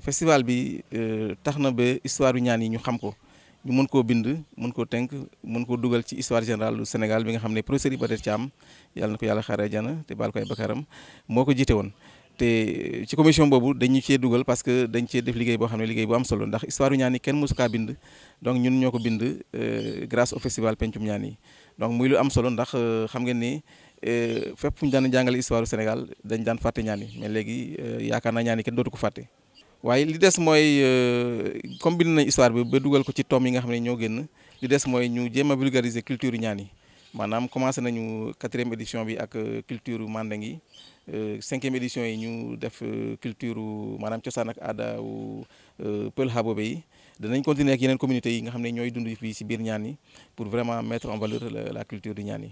festival bi euh, tax na ba histoire yu ñaan yi ñu xam ko ñu mën koo bind mën koo tënk mën koo dugal ci histoire générale du bi nga xam ne professeur Iba ci Thiam yàlla na ko yàlla xaaree jana te baal ko ay moo ko jiite woon. te euh, ci commission boobu dañu cee dugal parce que dañ cee def liggéey boo xam ne liggéey bu am solo ndax histoire yu ñaan kaa bind donc ñun ñoo ko bind euh, grâce au festival pencum ñaan yi donc muy lu am solo ndax xam nga ni. fépp fu ñu daan jàngale histoire du Sénégal dañ daan fàtte ñaan mais léegi yaakaar naa ñaan yi kenn dootu ko fàtte waaye li des mooy euh, comme bind nañ histoire bi ba dugal ko ci tom yi nga xam ne ñoo génn li des mooy ñu jéem a vulgariser culture ñaan yi maanaam commencé nañu quatrième édition bi ak euh, culture mandeng yi euh, cinquième édition yi ñu def culture maanaam cosaan ak aada wu Pël Habobe yi danañ continuer ak yeneen communauté yi nga xam ne ñooy dund fii si biir ñaan yi pour vraiment mettre en valeur la culture du ñaan